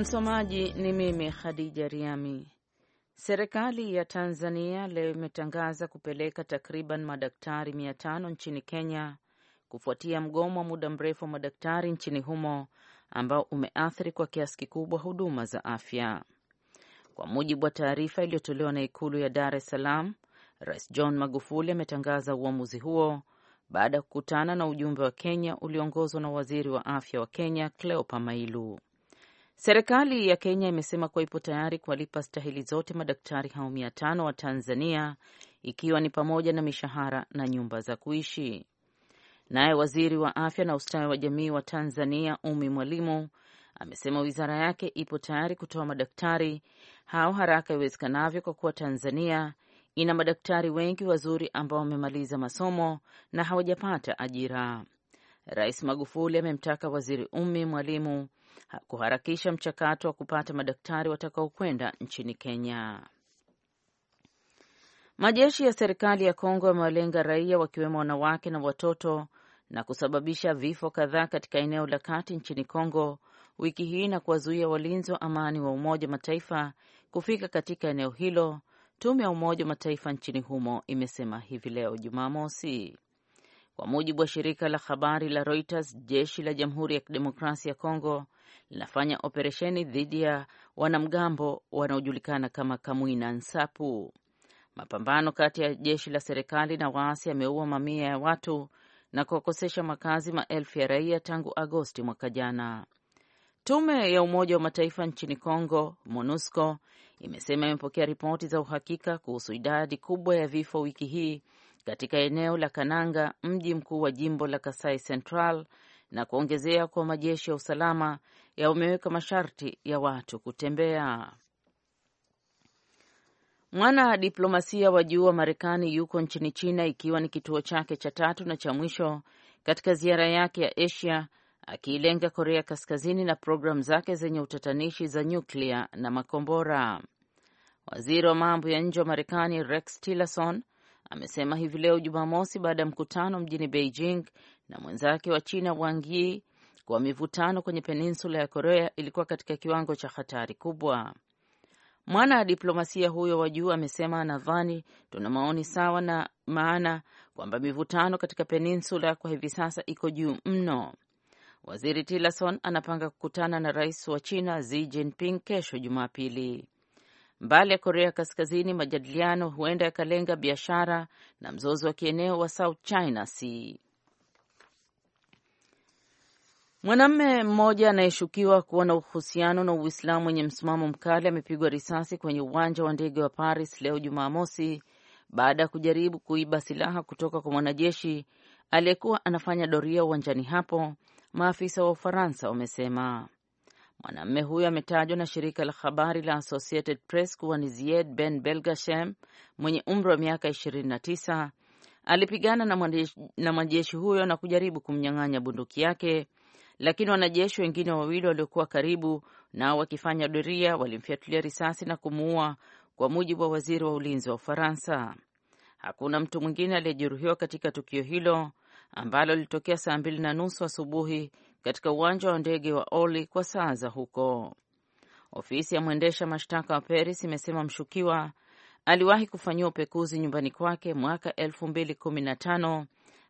Msomaji ni mimi Khadija Riami. Serikali ya Tanzania leo imetangaza kupeleka takriban madaktari mia tano nchini Kenya kufuatia mgomo wa muda mrefu wa madaktari nchini humo ambao umeathiri kwa kiasi kikubwa huduma za afya. Kwa mujibu wa taarifa iliyotolewa na Ikulu ya Dar es Salaam, Rais John Magufuli ametangaza uamuzi huo baada ya kukutana na ujumbe wa Kenya ulioongozwa na waziri wa afya wa Kenya Cleopa Mailu. Serikali ya Kenya imesema kuwa ipo tayari kuwalipa stahili zote madaktari hao mia tano wa Tanzania, ikiwa ni pamoja na mishahara na nyumba za kuishi. Naye waziri wa afya na ustawi wa jamii wa Tanzania, Umi Mwalimu, amesema wizara yake ipo tayari kutoa madaktari hao haraka iwezekanavyo, kwa kuwa Tanzania ina madaktari wengi wazuri ambao wamemaliza masomo na hawajapata ajira. Rais Magufuli amemtaka waziri Umi Mwalimu kuharakisha mchakato wa kupata madaktari watakaokwenda nchini Kenya. Majeshi ya serikali ya Kongo yamewalenga raia wakiwemo wanawake na watoto na kusababisha vifo kadhaa katika eneo la kati nchini Kongo wiki hii na kuwazuia walinzi wa amani wa Umoja wa Mataifa kufika katika eneo hilo. Tume ya Umoja wa Mataifa nchini humo imesema hivi leo Jumamosi. Kwa mujibu wa shirika la habari la Reuters, jeshi la Jamhuri ya Kidemokrasia ya Kongo linafanya operesheni dhidi ya wanamgambo wanaojulikana kama Kamwina Nsapu. Mapambano kati ya jeshi la serikali na waasi yameua mamia ya watu na kuwakosesha makazi maelfu ya raia tangu Agosti mwaka jana. Tume ya Umoja wa Mataifa nchini congo MONUSCO, imesema imepokea ripoti za uhakika kuhusu idadi kubwa ya vifo wiki hii katika eneo la Kananga, mji mkuu wa jimbo la Kasai Central, na kuongezea kwa majeshi ya usalama yameweka masharti ya watu kutembea. Mwana diplomasia wa juu wa Marekani yuko nchini China, ikiwa ni kituo chake cha tatu na cha mwisho katika ziara yake ya Asia, akiilenga Korea Kaskazini na programu zake zenye utatanishi za nyuklia na makombora. Waziri wa mambo ya nje wa Marekani Rex Tillerson amesema hivi leo Jumamosi baada ya mkutano mjini Beijing na mwenzake wa China Wang Yi kuwa mivutano kwenye peninsula ya Korea ilikuwa katika kiwango cha hatari kubwa. Mwana diplomasia huyo wa juu amesema nadhani tuna maoni sawa na maana kwamba mivutano katika peninsula kwa hivi sasa iko juu mno. Waziri Tillerson anapanga kukutana na rais wa China Xi Jinping kesho Jumapili. Mbali ya Korea Kaskazini, majadiliano huenda yakalenga biashara na mzozo wa kieneo wa South China Sea. Mwanamume mmoja anayeshukiwa kuwa na uhusiano na Uislamu wenye msimamo mkali amepigwa risasi kwenye uwanja wa ndege wa Paris leo Jumamosi baada ya kujaribu kuiba silaha kutoka kwa mwanajeshi aliyekuwa anafanya doria uwanjani hapo, maafisa wa Ufaransa wamesema. Mwanamume huyo ametajwa na shirika la habari la Associated Press kuwa ni Zied Ben Belgashem mwenye umri wa miaka 29. Alipigana na mwanajeshi huyo na kujaribu kumnyang'anya bunduki yake, lakini wanajeshi wengine wawili waliokuwa karibu nao wakifanya doria walimfyatulia risasi na kumuua, kwa mujibu wa waziri wa ulinzi wa Ufaransa. Hakuna mtu mwingine aliyejeruhiwa katika tukio hilo ambalo lilitokea saa mbili na nusu asubuhi katika uwanja wa ndege wa oli kwa saa za huko. Ofisi ya mwendesha mashtaka wa Paris imesema mshukiwa aliwahi kufanyiwa upekuzi nyumbani kwake mwaka 2015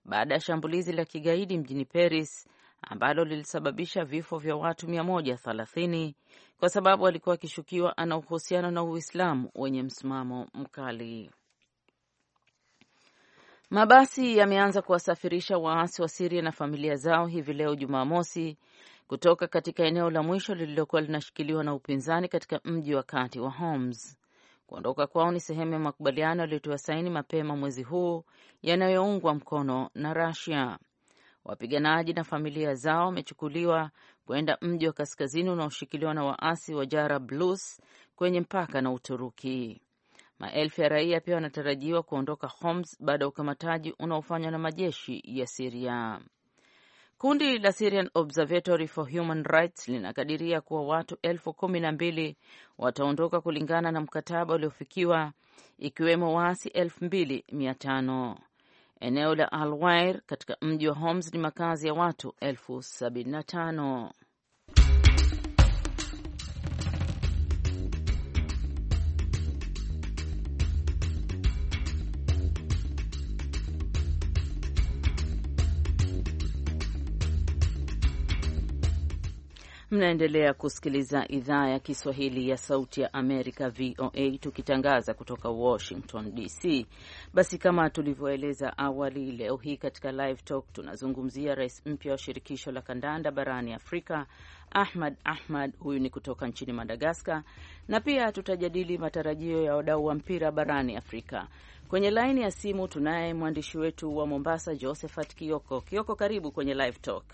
baada ya shambulizi la kigaidi mjini Paris ambalo lilisababisha vifo vya watu 130 kwa sababu alikuwa akishukiwa ana uhusiano na Uislamu wenye msimamo mkali. Mabasi yameanza kuwasafirisha waasi wa Siria na familia zao hivi leo Jumamosi kutoka katika eneo la mwisho lililokuwa linashikiliwa na upinzani katika mji wa kati wa Homs. Kuondoka kwao ni sehemu ya makubaliano yaliyotiwa saini mapema mwezi huu yanayoungwa mkono na Rasia. Wapiganaji na familia zao wamechukuliwa kwenda mji wa kaskazini unaoshikiliwa na waasi wa Jara Blus kwenye mpaka na Uturuki. Maelfu ya raia pia wanatarajiwa kuondoka Homs baada ya ukamataji unaofanywa na majeshi ya Siria. Kundi la Syrian Observatory for Human Rights linakadiria kuwa watu elfu kumi na mbili wataondoka kulingana na mkataba uliofikiwa, ikiwemo waasi elfu mbili mia tano. Eneo la Alwair katika mji wa Homs ni makazi ya watu elfu sabini na tano. Mnaendelea kusikiliza idhaa ya Kiswahili ya Sauti ya Amerika, VOA, tukitangaza kutoka Washington DC. Basi kama tulivyoeleza awali, leo hii katika Live Talk tunazungumzia rais mpya wa shirikisho la kandanda barani Afrika, Ahmad Ahmad. Huyu ni kutoka nchini Madagaskar, na pia tutajadili matarajio ya wadau wa mpira barani Afrika. Kwenye laini ya simu tunaye mwandishi wetu wa Mombasa, Josephat Kioko. Kioko, karibu kwenye Live Talk.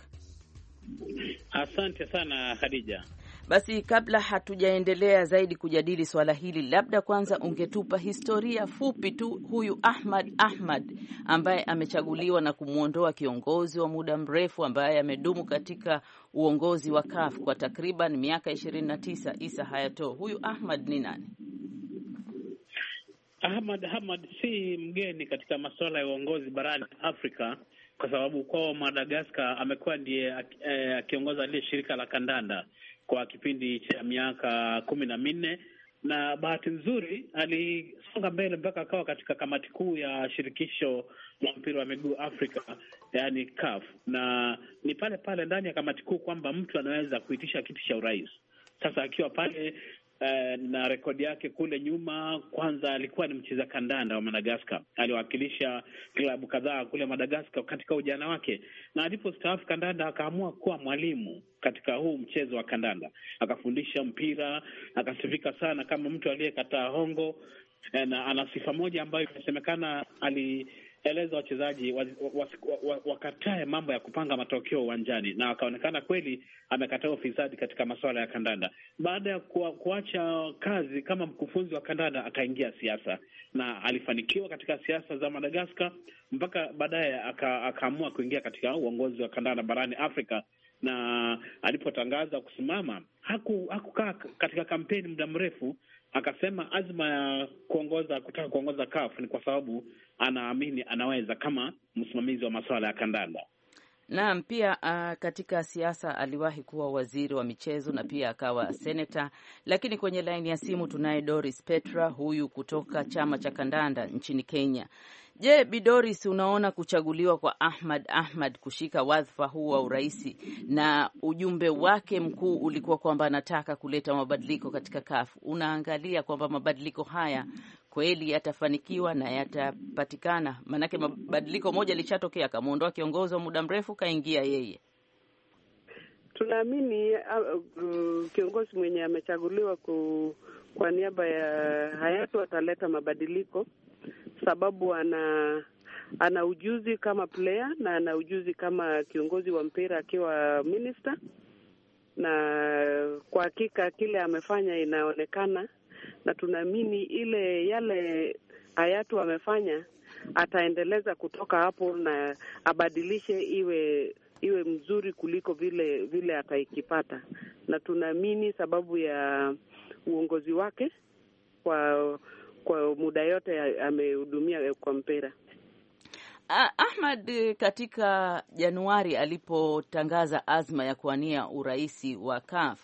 Asante sana Hadija. Basi kabla hatujaendelea zaidi kujadili swala hili, labda kwanza ungetupa historia fupi tu huyu Ahmad Ahmad ambaye amechaguliwa na kumwondoa kiongozi wa muda mrefu ambaye amedumu katika uongozi wa CUF kwa takriban miaka ishirini na tisa. Isa Hayato, huyu Ahmad ni nani? Ahmad Ahmad si mgeni katika masuala ya uongozi barani Afrika kwa sababu kwao Madagaskar amekuwa ndiye eh, akiongoza lile shirika la kandanda kwa kipindi cha miaka kumi na minne na bahati nzuri alisonga mbele mpaka akawa katika kamati kuu ya shirikisho la mpira wa miguu Afrika, yani CAF, na ni pale pale ndani ya kamati kuu kwamba mtu anaweza kuitisha kiti cha urais. Sasa akiwa pale Eh, na rekodi yake kule nyuma. Kwanza alikuwa ni mcheza kandanda wa Madagaskar, aliwakilisha klabu kadhaa kule Madagaskar katika ujana wake, na alipostaafu kandanda akaamua kuwa mwalimu katika huu mchezo wa kandanda, akafundisha mpira, akasifika sana kama mtu aliyekataa hongo eh, na ana sifa moja ambayo imesemekana ali eleza wachezaji wakatae mambo ya kupanga matokeo uwanjani, na akaonekana kweli amekataa ufisadi katika masuala ya kandanda. Baada ya kuacha kazi kama mkufunzi wa kandanda, akaingia siasa na alifanikiwa katika siasa za Madagaskar mpaka baadaye akaamua kuingia katika uongozi wa kandanda barani Afrika na alipotangaza kusimama haku, hakukaa katika kampeni muda mrefu. Akasema azma ya kuongoza kutaka kuongoza CAF ni kwa sababu anaamini anaweza kama msimamizi wa masuala ya kandanda. Naam, pia uh, katika siasa aliwahi kuwa waziri wa michezo na pia akawa seneta. Lakini kwenye laini ya simu tunaye Doris Petra, huyu kutoka chama cha kandanda nchini Kenya. Je, Bidoris, unaona kuchaguliwa kwa Ahmad Ahmad kushika wadhifa huu wa urais na ujumbe wake mkuu ulikuwa kwamba anataka kuleta mabadiliko katika kafu, unaangalia kwamba mabadiliko haya kweli yatafanikiwa na yatapatikana? Maanake mabadiliko moja lishatokea, akamwondoa kiongozi wa muda mrefu, kaingia yeye. Tunaamini uh, uh, kiongozi mwenye amechaguliwa ku kwa niaba ya hayati wataleta mabadiliko, sababu ana ana ujuzi kama player na ana ujuzi kama kiongozi wa mpira akiwa minister, na kwa hakika kile amefanya inaonekana, na tunaamini ile yale hayatu amefanya ataendeleza kutoka hapo na abadilishe iwe iwe mzuri kuliko vile vile ataikipata, na tunaamini sababu ya uongozi wake kwa kwa muda yote amehudumia kwa mpira. Ahmad katika Januari alipotangaza azma ya kuwania uraisi wa CAF,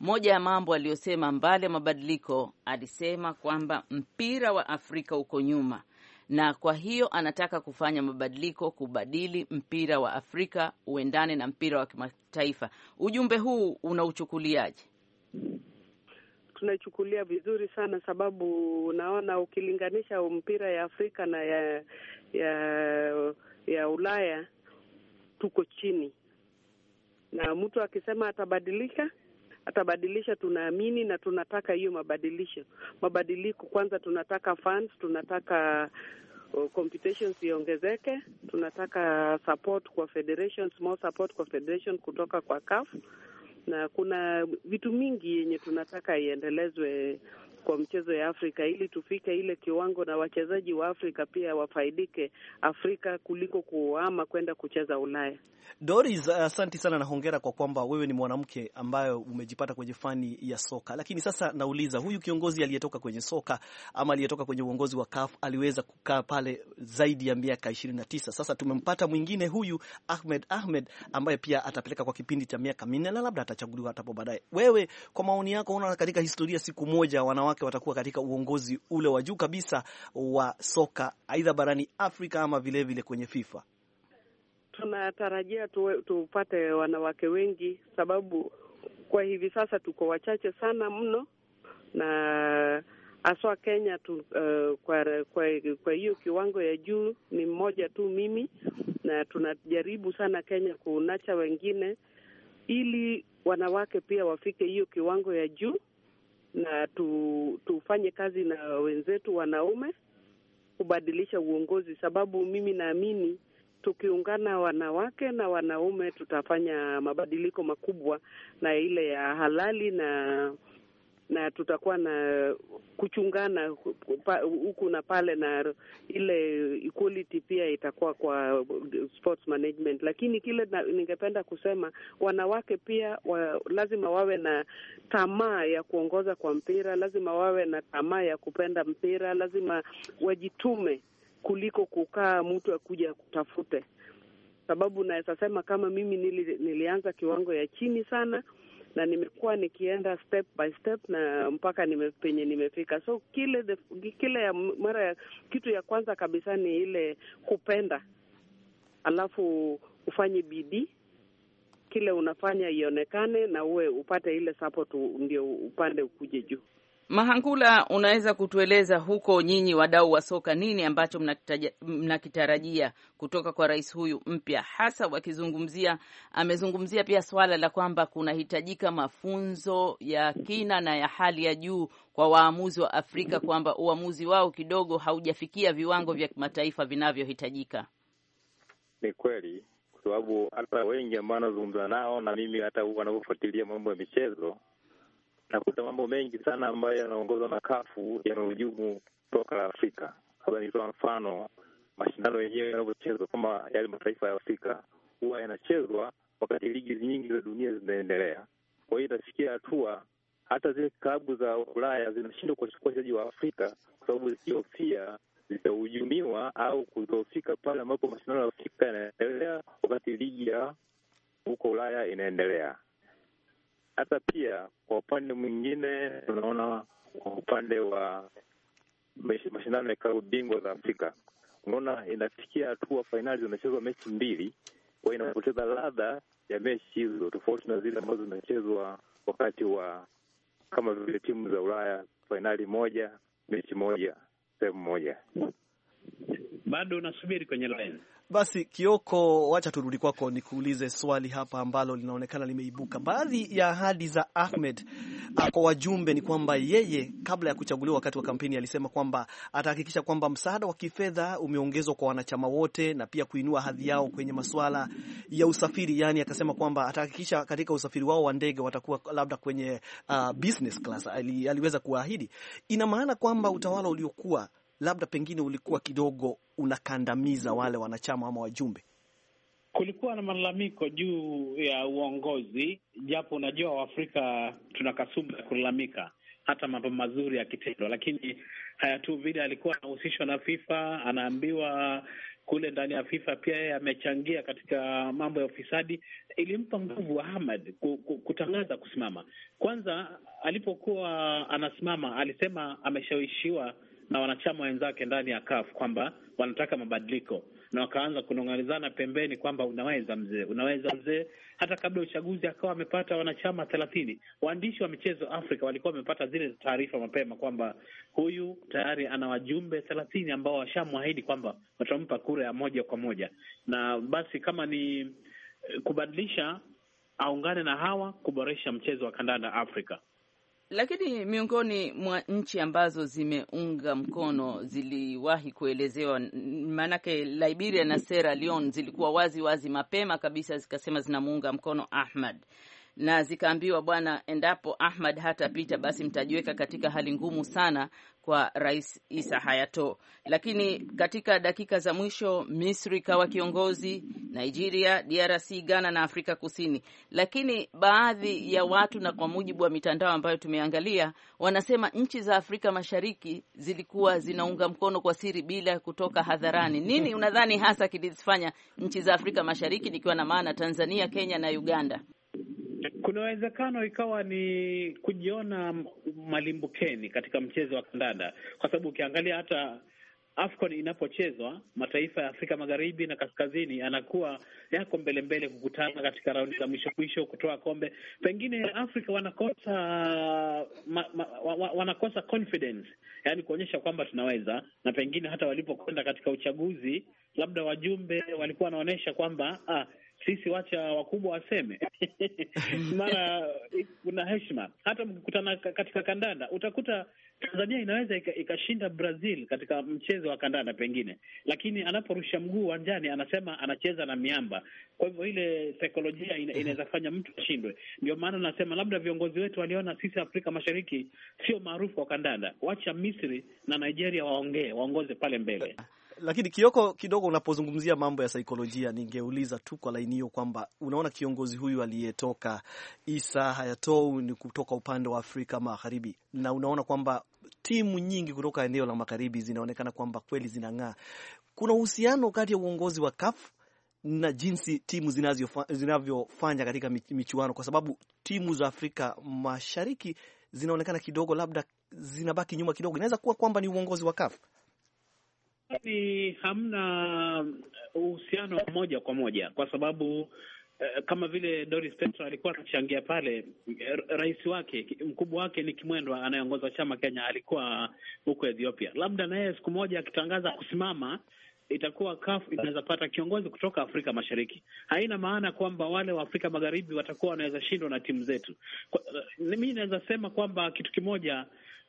moja ya mambo aliyosema mbali ya mabadiliko, alisema kwamba mpira wa Afrika uko nyuma, na kwa hiyo anataka kufanya mabadiliko, kubadili mpira wa Afrika uendane na mpira wa kimataifa. Ujumbe huu unauchukuliaje? tunaichukulia vizuri sana, sababu unaona ukilinganisha mpira ya Afrika na ya ya ya Ulaya tuko chini, na mtu akisema atabadilika atabadilisha, tunaamini na tunataka hiyo mabadilisho mabadiliko. Kwanza tunataka funds, tunataka competitions iongezeke, tunataka support kwa federations, more support kwa federation kutoka kwa CAF na kuna vitu mingi yenye tunataka iendelezwe kwa mchezo ya Afrika ili tufike ile kiwango na wachezaji wa Afrika pia wafaidike Afrika kuliko kuhama kwenda kucheza Ulaya. Doris, asanti uh, sana na hongera kwa kwamba wewe ni mwanamke ambayo umejipata kwenye fani ya soka. Lakini sasa nauliza, huyu kiongozi aliyetoka kwenye soka ama aliyetoka kwenye uongozi wa CAF aliweza kukaa pale zaidi ya miaka 29. tisa. Sasa tumempata mwingine huyu Ahmed Ahmed ambaye pia atapeleka kwa kipindi cha miaka minne na labda atachaguliwa hata baadaye. Wewe kwa maoni yako, unaona katika historia siku moja wanawake wanawake watakuwa katika uongozi ule wa juu kabisa wa soka aidha barani Afrika ama vilevile vile kwenye FIFA. Tunatarajia tuwe, tupate wanawake wengi, sababu kwa hivi sasa tuko wachache sana mno, na haswa Kenya tu, uh, kwa kwa kwa hiyo kiwango ya juu ni mmoja tu mimi, na tunajaribu sana Kenya kunacha wengine ili wanawake pia wafike hiyo kiwango ya juu na tu, tufanye kazi na wenzetu wanaume kubadilisha uongozi, sababu mimi naamini tukiungana wanawake na wanaume tutafanya mabadiliko makubwa na ile ya halali na na tutakuwa na kuchungana huku na pale, na ile equality pia itakuwa kwa sports management. Lakini kile na, ningependa kusema wanawake pia wa, lazima wawe na tamaa ya kuongoza kwa mpira, lazima wawe na tamaa ya kupenda mpira, lazima wajitume kuliko kukaa mtu akuja kutafute sababu. Naweza sema kama mimi nili, nilianza kiwango ya chini sana na nimekuwa nikienda step by step na mpaka nime, penye nimefika. So kile the, kile ya mara ya kitu ya kwanza kabisa ni ile kupenda, alafu ufanye bidii kile unafanya ionekane na uwe upate ile support, ndio upande ukuje juu. Mahangula, unaweza kutueleza huko, nyinyi wadau wa soka, nini ambacho mnakitarajia kutoka kwa rais huyu mpya, hasa wakizungumzia, amezungumzia pia swala la kwamba kunahitajika mafunzo ya kina na ya hali ya juu kwa waamuzi wa Afrika, kwamba uamuzi wao kidogo haujafikia viwango vya kimataifa vinavyohitajika. Ni kweli, kwa sababu hata wengi ambao wanazungumza nao na mimi hata wanavyofuatilia mambo ya michezo nakuta mambo mengi sana ambayo yanaongozwa na kafu yamehujumu soka la Afrika. Labda nitoa mfano, mashindano yenyewe yanavyochezwa kama yale mataifa ya Afrika huwa yanachezwa wakati ligi nyingi za dunia zinaendelea. Kwa hiyo itafikia hatua hata zile klabu za Ulaya zinashindwa kuwachukua wachezaji wa Afrika kwa sababu zikihofia zitahujumiwa au kudhoofika pale ambapo mashindano ya Afrika yanaendelea wakati ligi ya huko Ulaya inaendelea. Hata pia kwa upande mwingine tunaona kwa upande wa mashindano ya klabu bingwa za Afrika, unaona inafikia hatua fainali zinachezwa mechi mbili, kwa inapoteza ladha ya mechi hizo, tofauti na zile ambazo zinachezwa wakati wa kama vile timu za Ulaya, fainali moja mechi moja sehemu moja. Bado unasubiri kwenye line? Basi Kioko, wacha turudi kwako nikuulize swali hapa ambalo linaonekana limeibuka. Baadhi ya ahadi za Ahmed ah, kwa wajumbe ni kwamba yeye kabla ya kuchaguliwa, wakati wa kampeni, alisema kwamba atahakikisha kwamba msaada wa kifedha umeongezwa kwa wanachama wote na pia kuinua hadhi yao kwenye masuala ya usafiri. Yani akasema kwamba atahakikisha katika usafiri wao wa ndege watakuwa labda kwenye uh, business class. Ali, aliweza kuahidi. Ina maana kwamba utawala uliokuwa labda pengine ulikuwa kidogo unakandamiza wale wanachama ama wajumbe? Kulikuwa na malalamiko juu ya uongozi, japo unajua Waafrika tuna kasumba ya kulalamika hata mambo mazuri ya kitendo lakini tu vile alikuwa anahusishwa na FIFA, anaambiwa kule ndani ya FIFA pia yeye amechangia katika mambo ya ufisadi. Ilimpa nguvu Ahmad kutangaza kusimama. Kwanza alipokuwa anasimama, alisema ameshawishiwa na wanachama wenzake ndani ya CUF kwamba wanataka mabadiliko na wakaanza kunong'onezana pembeni kwamba unaweza mzee, unaweza mzee. Hata kabla ya uchaguzi akawa amepata wanachama thelathini. Waandishi wa michezo Afrika walikuwa wamepata zile taarifa mapema kwamba huyu tayari ana wajumbe thelathini ambao washamwahidi kwamba watampa kura ya moja kwa moja, na basi kama ni eh, kubadilisha, aungane na hawa kuboresha mchezo wa kandanda Afrika. Lakini miongoni mwa nchi ambazo zimeunga mkono ziliwahi kuelezewa, maanake Liberia na Sierra Leone zilikuwa wazi wazi mapema kabisa zikasema zinamuunga mkono Ahmad, na zikaambiwa, bwana, endapo Ahmad hatapita basi mtajiweka katika hali ngumu sana kwa Rais Isa Hayato. Lakini katika dakika za mwisho Misri kawa kiongozi, Nigeria, DRC, Ghana na Afrika Kusini. Lakini baadhi ya watu na kwa mujibu wa mitandao ambayo tumeangalia, wanasema nchi za Afrika Mashariki zilikuwa zinaunga mkono kwa siri bila kutoka hadharani. Nini unadhani hasa kilizifanya nchi za Afrika Mashariki, nikiwa na maana Tanzania, Kenya na Uganda? Kuna uwezekano ikawa ni kujiona malimbukeni katika mchezo wa kandanda, kwa sababu ukiangalia hata AFCON inapochezwa mataifa ya Afrika magharibi na kaskazini yanakuwa yako mbele mbele kukutana katika raundi za mwisho mwisho kutoa kombe. Pengine Afrika wanakosa ma, ma, wa, wanakosa confidence, yaani kuonyesha kwamba tunaweza, na pengine hata walipokwenda katika uchaguzi, labda wajumbe walikuwa wanaonyesha kwamba ah, sisi wacha wakubwa waseme. Mara kuna heshima. Hata mkikutana katika kandanda, utakuta Tanzania inaweza ikashinda Brazil katika mchezo wa kandanda pengine, lakini anaporusha mguu uwanjani anasema anacheza na miamba. Kwa hivyo ile saikolojia inaweza fanya mtu ashindwe. Ndio maana nasema labda viongozi wetu waliona sisi Afrika Mashariki sio maarufu wa kandanda, wacha Misri na Nigeria waongee, waongoze pale mbele. Lakini Kioko, kidogo unapozungumzia mambo ya saikolojia, ningeuliza tu kwa laini hiyo kwamba unaona kiongozi huyu aliyetoka Isa Hayatou ni kutoka upande wa Afrika Magharibi, na unaona kwamba timu nyingi kutoka eneo la magharibi zinaonekana kwamba kweli zinang'aa. Kuna uhusiano kati ya uongozi wa CAF na jinsi timu zinavyofanya katika michuano, kwa sababu timu za Afrika Mashariki zinaonekana kidogo labda zinabaki nyuma kidogo. Inaweza kuwa kwamba ni uongozi wa CAF. Lakini hamna uh, uhusiano wa moja kwa moja kwa sababu uh, kama vile Doris Petro alikuwa anachangia pale, uh, rais wake mkubwa wake ni Kimwendwa anayeongoza chama Kenya, alikuwa huko Ethiopia. Labda naye siku moja akitangaza kusimama, itakuwa kafu inaweza pata kiongozi kutoka Afrika Mashariki. Haina maana kwamba wale wa Afrika Magharibi watakuwa wanaweza shindwa na timu zetu. Mi naweza sema kwamba kitu kimoja,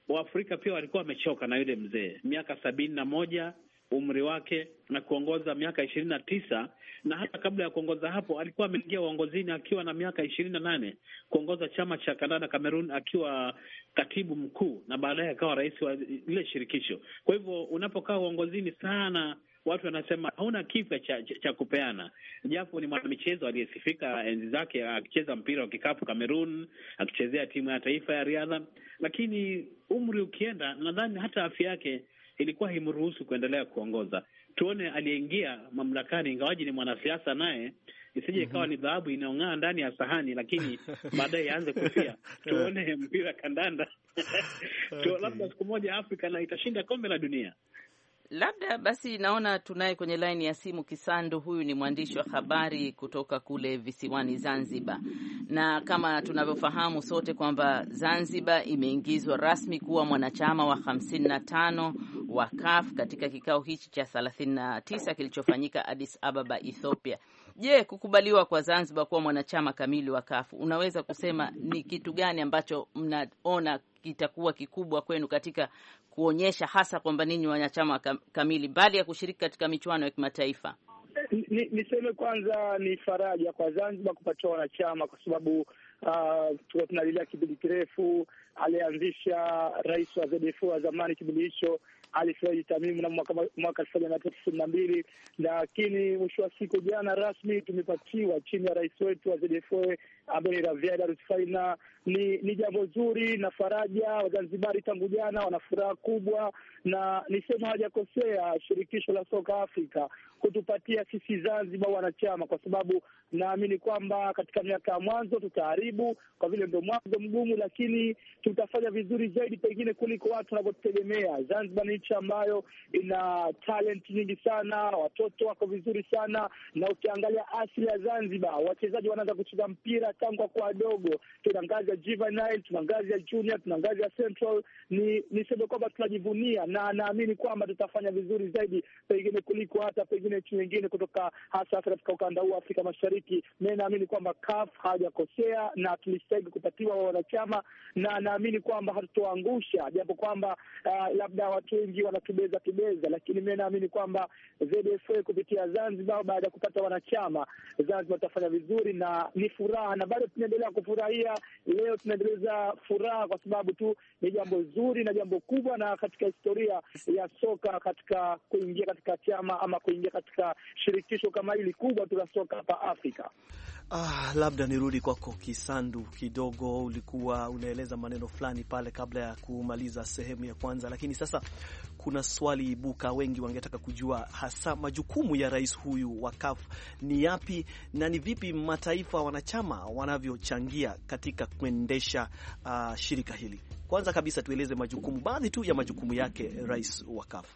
Waafrika pia walikuwa wamechoka na yule mzee miaka sabini na moja umri wake na kuongoza miaka ishirini na tisa na hata kabla ya kuongoza hapo alikuwa ameingia uongozini akiwa na miaka ishirini na nane kuongoza chama cha kandanda Cameroon akiwa katibu mkuu na baadaye akawa rais wa ile shirikisho. Kwa hivyo unapokaa uongozini sana, watu wanasema hauna kifya cha, cha, cha kupeana, japo ni mwanamichezo aliyesifika enzi zake akicheza mpira wa kikapu Cameroon, akichezea timu ya taifa ya riadha, lakini umri ukienda, nadhani hata afya yake ilikuwa haimruhusu kuendelea kuongoza. Tuone aliyeingia mamlakani, ingawaji ni mwanasiasa naye isije mhm. ikawa mm -hmm. ni dhahabu inayong'aa ndani ya sahani, lakini baadaye yaanze kufia. Tuone mpira kandanda tu, labda siku moja Afrika na itashinda kombe la dunia labda. Basi naona tunaye kwenye laini ya simu Kisando, huyu ni mwandishi wa habari kutoka kule visiwani Zanzibar, na kama tunavyofahamu sote kwamba Zanzibar imeingizwa rasmi kuwa mwanachama wa hamsini na tano wa CAF katika kikao hichi cha 39 kilichofanyika Addis Ababa, Ethiopia. Je, kukubaliwa kwa Zanzibar kuwa mwanachama kamili wa CAF, unaweza kusema ni kitu gani ambacho mnaona kitakuwa kikubwa kwenu katika kuonyesha hasa kwamba ninyi wanachama kamili mbali ya kushiriki katika michuano ya kimataifa? Niseme ni kwanza ni faraja kwa Zanzibar kupatiwa wanachama kwa sababu uh, tunalilia kipindi kirefu alianzisha rais wa ZDF wa zamani kipindi hicho ali Tamimu na mwaka elfu moja mia tisa tisini na mbili, lakini mwisho wa siku jana rasmi tumepatiwa chini ya rais wetu wa ZFA ambaye ni Raviada Rutfaina ni, ni jambo zuri na faraja. Wazanzibari tangu jana wana furaha kubwa, na nisema hawajakosea shirikisho la soka Afrika kutupatia sisi Zanzibar wanachama, kwa sababu naamini kwamba katika miaka ya mwanzo tutaharibu, kwa vile ndo mwanzo mgumu, lakini tutafanya vizuri zaidi pengine kuliko watu wanavyotutegemea. Zanzibar ni nchi ambayo ina talent nyingi sana, watoto wako vizuri sana, na ukiangalia asili ya Zanzibar, wachezaji wanaanza kucheza mpira tangu wakuwa wadogo, tuna ngazi ya juvenile, tuna ngazi ya junior, tuna ngazi ya central. Ni niseme kwamba tunajivunia na naamini kwamba tutafanya vizuri zaidi pengine kuliko hata pengine nchi nyingine kutoka hasa katika ukanda huu wa Afrika Mashariki. Mi naamini kwamba CAF hawajakosea na tulistahili kupatiwa wanachama, na naamini kwamba hatutoangusha, japo kwamba uh, labda watu wengi wanatubeza tubeza, lakini mi naamini kwamba ZFA kupitia Zanzibar baada ya kupata wanachama, Zanzibar tutafanya vizuri na ni furaha, na bado tunaendelea kufurahia leo leo tunaendeleza furaha kwa sababu tu ni jambo zuri na jambo kubwa, na katika historia ya soka katika kuingia katika chama ama kuingia katika shirikisho kama hili kubwa tu la soka hapa Afrika. Ah, labda nirudi kwako Kisandu kidogo. Ulikuwa unaeleza maneno fulani pale kabla ya kumaliza sehemu ya kwanza, lakini sasa kuna swali ibuka, wengi wangetaka kujua hasa majukumu ya rais huyu wa CAF ni yapi na ni vipi mataifa wanachama wanavyochangia katika kuendesha uh, shirika hili. Kwanza kabisa tueleze majukumu, baadhi tu ya majukumu yake rais wa CAF.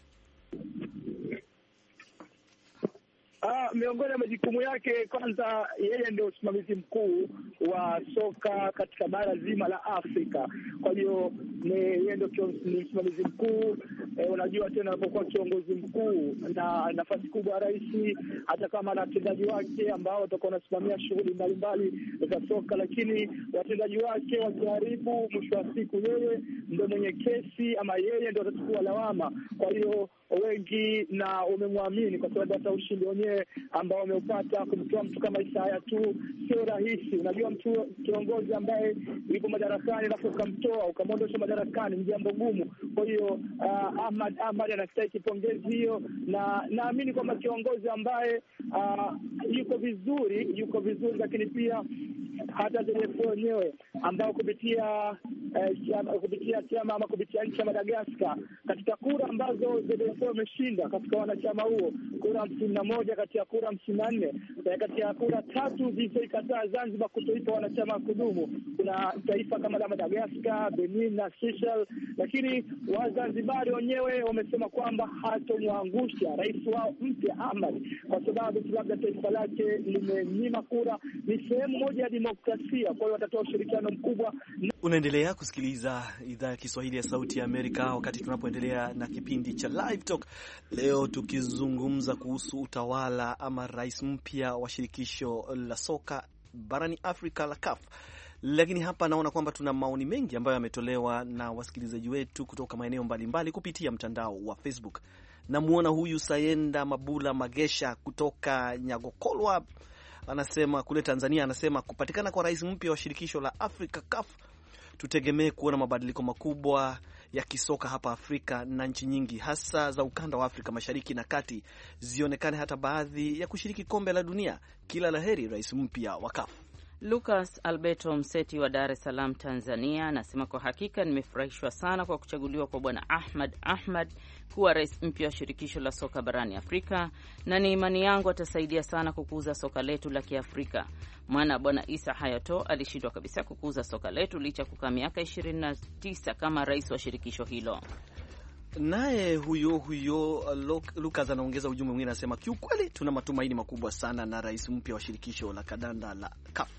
Uh, miongoni mwa majukumu yake kwanza, yeye ndio usimamizi mkuu wa soka katika bara zima la Afrika. Kwa hiyo yeye ndio ni msimamizi mkuu eh. Unajua tena anapokuwa kiongozi mkuu na nafasi kubwa ya rais, hata kama na watendaji wake ambao watakuwa wanasimamia shughuli mbalimbali za soka, lakini watendaji wake wakiharibu, mwisho wa siku yeye ndio mwenye kesi ama yeye ndio atachukua lawama. Kwa hiyo wengi na umemwamini kwa sababu hata ushindi wenyewe wenyewe ambao wameupata. Kumtoa mtu kama Isaya tu sio rahisi. Unajua, mtu kiongozi ambaye yuko madarakani alafu ukamtoa ukamwondosha madarakani ni jambo gumu. Kwa hiyo uh, Ahmad Ahmad anastahili pongezi hiyo, na naamini kwamba kiongozi ambaye uh, yuko vizuri yuko vizuri, lakini pia hata ZF wenyewe ambao kupitia eh, kupitia chama ama kupitia nchi ya Madagaskar katika kura ambazo zilikuwa wameshinda katika wanachama huo, kura hamsini na moja kati ya kura hamsini na nne eh, kati ya kura tatu zilizoikataa Zanzibar kutoipa wanachama wa kudumu. Kuna taifa kama la Madagaskar, Benin na Seychelles, lakini Wazanzibari wenyewe wamesema kwamba hatomwangusha rais wao mpya Ahmad kwa sababu tu labda taifa lake limenyima kura. Ni sehemu moja ya demokrasia, kwa hiyo watatoa ushirikiano mkubwa. Unaendelea kusikiliza idhaa ya Kiswahili ya Sauti ya Amerika wakati tunapoendelea na kipindi cha Live Talk leo tukizungumza kuhusu utawala ama rais mpya wa shirikisho la soka barani Afrika la CAF. Lakini hapa naona kwamba tuna maoni mengi ambayo yametolewa na wasikilizaji wetu kutoka maeneo mbalimbali kupitia mtandao wa Facebook. Namwona huyu Sayenda Mabula Magesha kutoka Nyagokolwa anasema kule Tanzania, anasema kupatikana kwa rais mpya wa shirikisho la Afrika CAF tutegemee kuona mabadiliko makubwa ya kisoka hapa Afrika na nchi nyingi hasa za ukanda wa Afrika Mashariki na Kati zionekane hata baadhi ya kushiriki kombe la dunia. Kila laheri rais mpya wa kafu Lucas Alberto Mseti wa Dar es Salaam, Tanzania, anasema kwa hakika nimefurahishwa sana kwa kuchaguliwa kwa Bwana Ahmad Ahmad kuwa rais mpya wa shirikisho la soka barani Afrika, na ni imani yangu atasaidia sana kukuza soka letu la Kiafrika, maana Bwana Isa Hayato alishindwa kabisa kukuza soka letu licha kukaa miaka 29 kama rais wa shirikisho hilo. Naye huyo huyo Lukas anaongeza ujumbe mwingine, anasema kiukweli, tuna matumaini makubwa sana na rais mpya wa shirikisho la kadanda la CAF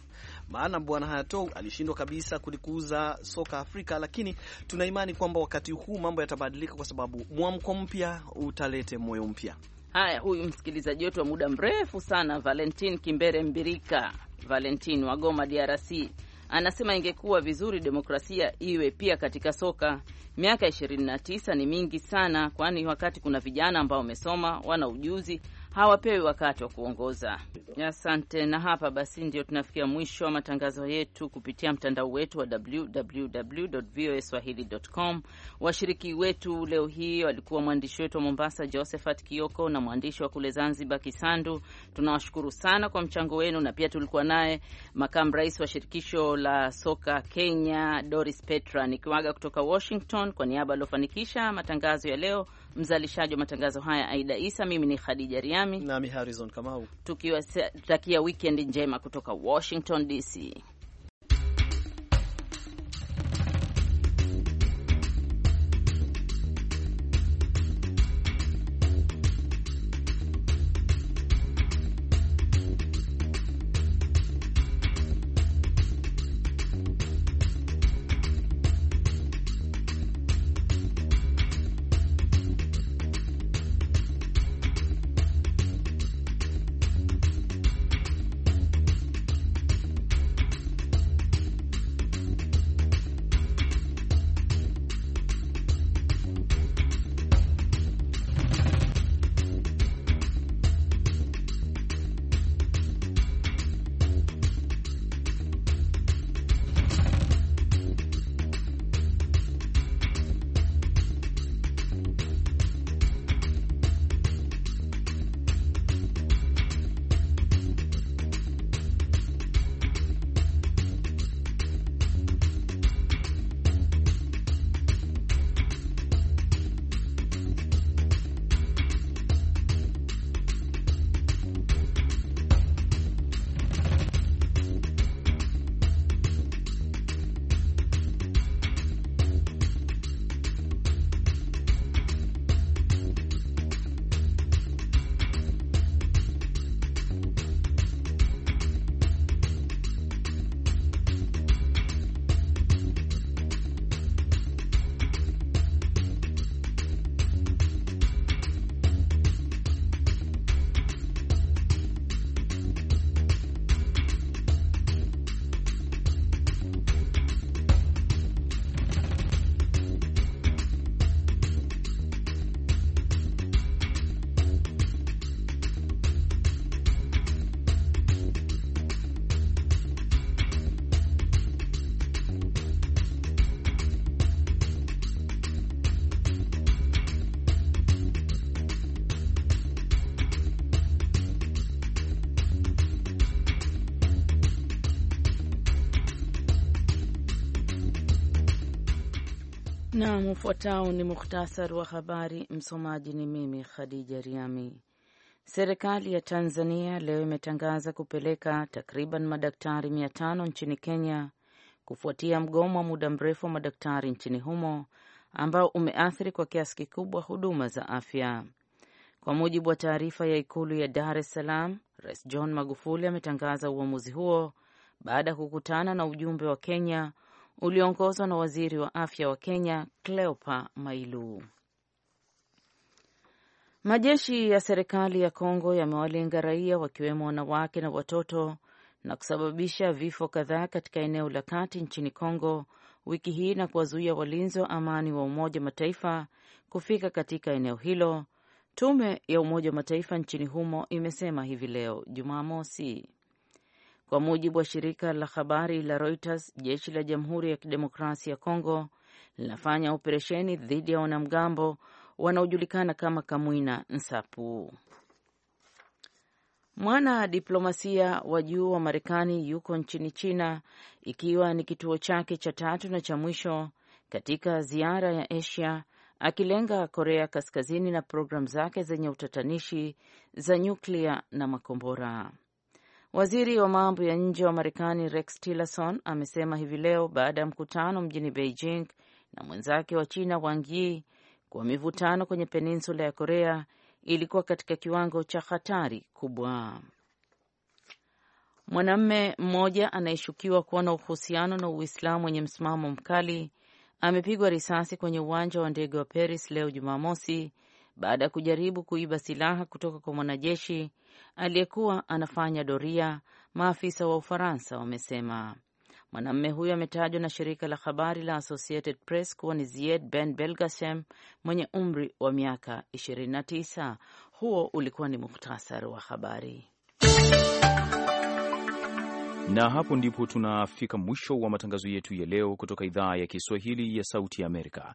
maana Bwana Hayato alishindwa kabisa kulikuza soka Afrika, lakini tuna imani kwamba wakati huu mambo yatabadilika, kwa sababu mwamko mpya utalete moyo mpya. Haya, huyu msikilizaji wetu wa muda mrefu sana Valentin Kimbere Mbirika, Valentin wa Goma, DRC, anasema ingekuwa vizuri demokrasia iwe pia katika soka. Miaka 29 ni mingi sana, kwani wakati kuna vijana ambao wamesoma, wana ujuzi hawapewi wakati wa kuongoza. Asante. Na hapa basi ndio tunafikia mwisho wa matangazo yetu kupitia mtandao wetu wa www swahilicom Washiriki wetu leo hii walikuwa mwandishi wetu wa Mombasa Josephat Kioko na mwandishi wa kule Zanzibar Kisandu. Tunawashukuru sana kwa mchango wenu, na pia tulikuwa naye makamu rais wa shirikisho la soka Kenya Doris Petra. Nikiwaga kutoka Washington kwa niaba aliofanikisha matangazo ya leo mzalishaji wa matangazo haya Aida Isa, mimi ni Khadija Riami nami Harrison Kamau, tukiwatakia wikendi njema kutoka Washington DC. Naam, ufuatao ni muhtasari wa habari. Msomaji ni mimi Khadija Riami. Serikali ya Tanzania leo imetangaza kupeleka takriban madaktari mia tano nchini Kenya kufuatia mgomo wa muda mrefu wa madaktari nchini humo ambao umeathiri kwa kiasi kikubwa huduma za afya. Kwa mujibu wa taarifa ya Ikulu ya Dar es Salaam, Rais John Magufuli ametangaza uamuzi huo baada ya kukutana na ujumbe wa Kenya ulioongozwa na waziri wa afya wa Kenya Cleopa Mailu. Majeshi ya serikali ya Kongo yamewalenga raia wakiwemo wanawake na watoto na kusababisha vifo kadhaa katika eneo la kati nchini Kongo wiki hii na kuwazuia walinzi wa amani wa Umoja wa Mataifa kufika katika eneo hilo. Tume ya Umoja wa Mataifa nchini humo imesema hivi leo Jumamosi. Kwa mujibu wa shirika la habari la Reuters, jeshi la Jamhuri ya Kidemokrasia ya Kongo linafanya operesheni dhidi ya wanamgambo wanaojulikana kama Kamwina Nsapu. Mwana diplomasia wa juu wa Marekani yuko nchini China ikiwa ni kituo chake cha tatu na cha mwisho katika ziara ya Asia akilenga Korea Kaskazini na programu zake zenye utatanishi za nyuklia na makombora. Waziri wa mambo ya nje wa Marekani Rex Tillerson amesema hivi leo baada ya mkutano mjini Beijing na mwenzake wa China Wang Yi kuwa mivutano kwenye peninsula ya Korea ilikuwa katika kiwango cha hatari kubwa. Mwanamume mmoja anayeshukiwa kuwa na uhusiano na Uislamu wenye msimamo mkali amepigwa risasi kwenye uwanja wa ndege wa Paris leo Jumamosi baada ya kujaribu kuiba silaha kutoka kwa mwanajeshi aliyekuwa anafanya doria, maafisa wa Ufaransa wamesema. Mwanamume huyo ametajwa na shirika la habari la Associated Press kuwa ni Zied Ben Belgasem mwenye umri wa miaka 29. Huo ulikuwa ni muhtasari wa habari, na hapo ndipo tunafika mwisho wa matangazo yetu ya leo kutoka idhaa ya Kiswahili ya Sauti ya Amerika.